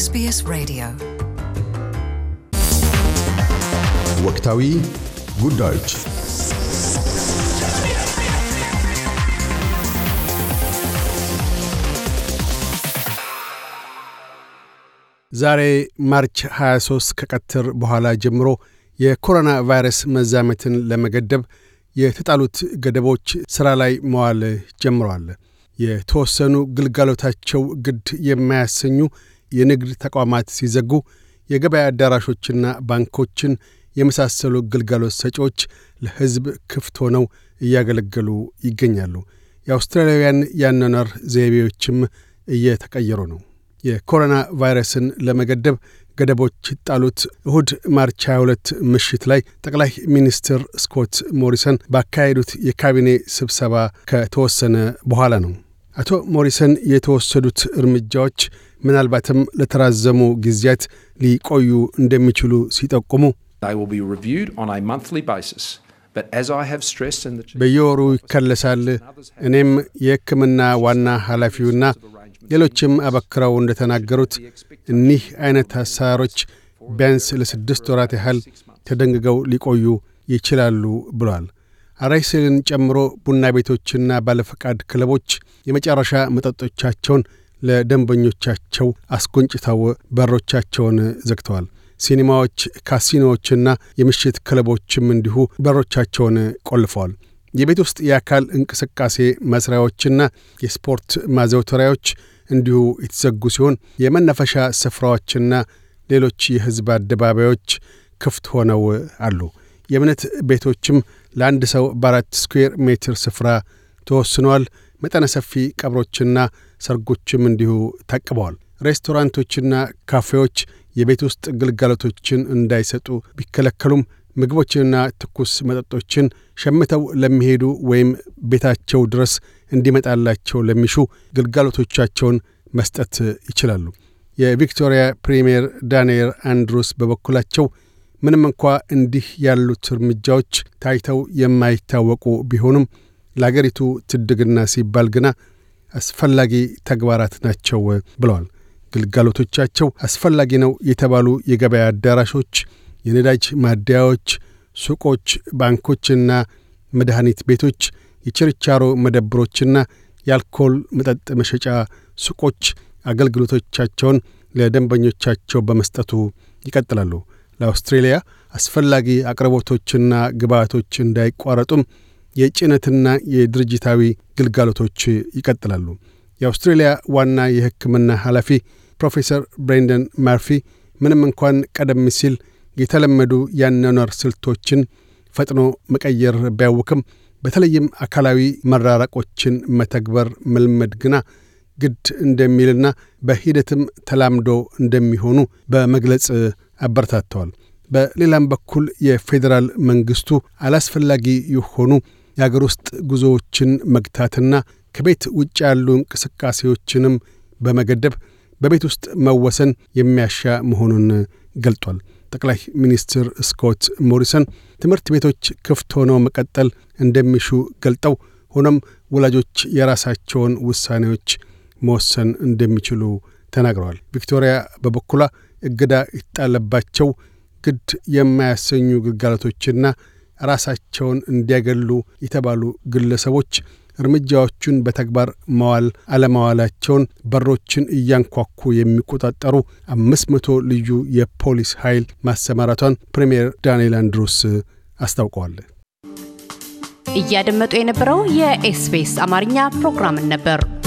ኤስቢኤስ ሬዲዮ ወቅታዊ ጉዳዮች ዛሬ ማርች 23 ከቀትር በኋላ ጀምሮ የኮሮና ቫይረስ መዛመትን ለመገደብ የተጣሉት ገደቦች ሥራ ላይ መዋል ጀምረዋል። የተወሰኑ ግልጋሎታቸው ግድ የማያሰኙ የንግድ ተቋማት ሲዘጉ የገበያ አዳራሾችና ባንኮችን የመሳሰሉ ግልጋሎት ሰጪዎች ለሕዝብ ክፍት ሆነው እያገለገሉ ይገኛሉ። የአውስትራሊያውያን የአኗኗር ዘይቤዎችም እየተቀየሩ ነው። የኮሮና ቫይረስን ለመገደብ ገደቦች ጣሉት እሁድ ማርች 22 ምሽት ላይ ጠቅላይ ሚኒስትር ስኮት ሞሪሰን ባካሄዱት የካቢኔ ስብሰባ ከተወሰነ በኋላ ነው። አቶ ሞሪሰን የተወሰዱት እርምጃዎች ምናልባትም ለተራዘሙ ጊዜያት ሊቆዩ እንደሚችሉ ሲጠቁሙ በየወሩ ይከለሳል። እኔም የሕክምና ዋና ኃላፊውና ሌሎችም አበክረው እንደተናገሩት እኒህ አይነት አሰራሮች ቢያንስ ለስድስት ወራት ያህል ተደንግገው ሊቆዩ ይችላሉ ብሏል። አራይሴልን ጨምሮ ቡና ቤቶችና ባለፈቃድ ክለቦች የመጨረሻ መጠጦቻቸውን ለደንበኞቻቸው አስጎንጭተው በሮቻቸውን ዘግተዋል። ሲኒማዎች፣ ካሲኖዎችና የምሽት ክለቦችም እንዲሁ በሮቻቸውን ቆልፈዋል። የቤት ውስጥ የአካል እንቅስቃሴ መስሪያዎችና የስፖርት ማዘውተሪያዎች እንዲሁ የተዘጉ ሲሆን የመናፈሻ ስፍራዎችና ሌሎች የሕዝብ አደባባዮች ክፍት ሆነው አሉ። የእምነት ቤቶችም ለአንድ ሰው በአራት ስኩዌር ሜትር ስፍራ ተወስኗል። መጠነ ሰፊ ቀብሮችና ሰርጎችም እንዲሁ ታቅበዋል። ሬስቶራንቶችና ካፌዎች የቤት ውስጥ ግልጋሎቶችን እንዳይሰጡ ቢከለከሉም ምግቦችንና ትኩስ መጠጦችን ሸምተው ለሚሄዱ ወይም ቤታቸው ድረስ እንዲመጣላቸው ለሚሹ ግልጋሎቶቻቸውን መስጠት ይችላሉ። የቪክቶሪያ ፕሪምየር ዳንኤል አንድሩስ በበኩላቸው ምንም እንኳ እንዲህ ያሉት እርምጃዎች ታይተው የማይታወቁ ቢሆኑም ለአገሪቱ ትድግና ሲባል ግና አስፈላጊ ተግባራት ናቸው ብለዋል። ግልጋሎቶቻቸው አስፈላጊ ነው የተባሉ የገበያ አዳራሾች፣ የነዳጅ ማደያዎች፣ ሱቆች፣ ባንኮችና መድኃኒት ቤቶች፣ የችርቻሮ መደብሮችና የአልኮል መጠጥ መሸጫ ሱቆች አገልግሎቶቻቸውን ለደንበኞቻቸው በመስጠቱ ይቀጥላሉ። ለአውስትሬልያ አስፈላጊ አቅርቦቶችና ግብአቶች እንዳይቋረጡም የጭነትና የድርጅታዊ ግልጋሎቶች ይቀጥላሉ። የአውስትሬልያ ዋና የሕክምና ኃላፊ ፕሮፌሰር ብሬንደን ማርፊ ምንም እንኳን ቀደም ሲል የተለመዱ የአኗኗር ስልቶችን ፈጥኖ መቀየር ቢያውክም በተለይም አካላዊ መራራቆችን መተግበር መልመድ ግና ግድ እንደሚልና በሂደትም ተላምዶ እንደሚሆኑ በመግለጽ አበረታተዋል። በሌላም በኩል የፌዴራል መንግስቱ አላስፈላጊ የሆኑ የአገር ውስጥ ጉዞዎችን መግታትና ከቤት ውጭ ያሉ እንቅስቃሴዎችንም በመገደብ በቤት ውስጥ መወሰን የሚያሻ መሆኑን ገልጧል። ጠቅላይ ሚኒስትር ስኮት ሞሪሰን ትምህርት ቤቶች ክፍት ሆነው መቀጠል እንደሚሹ ገልጠው ሆኖም ወላጆች የራሳቸውን ውሳኔዎች መወሰን እንደሚችሉ ተናግረዋል። ቪክቶሪያ በበኩሏ እገዳ ይጣለባቸው ግድ የማያሰኙ ግልጋሎቶችና ራሳቸውን እንዲያገሉ የተባሉ ግለሰቦች እርምጃዎቹን በተግባር መዋል አለመዋላቸውን በሮችን እያንኳኩ የሚቆጣጠሩ አምስት መቶ ልዩ የፖሊስ ኃይል ማሰማራቷን ፕሬምየር ዳንኤል አንድሮስ አስታውቀዋል። እያደመጡ የነበረው የኤስቢኤስ አማርኛ ፕሮግራምን ነበር።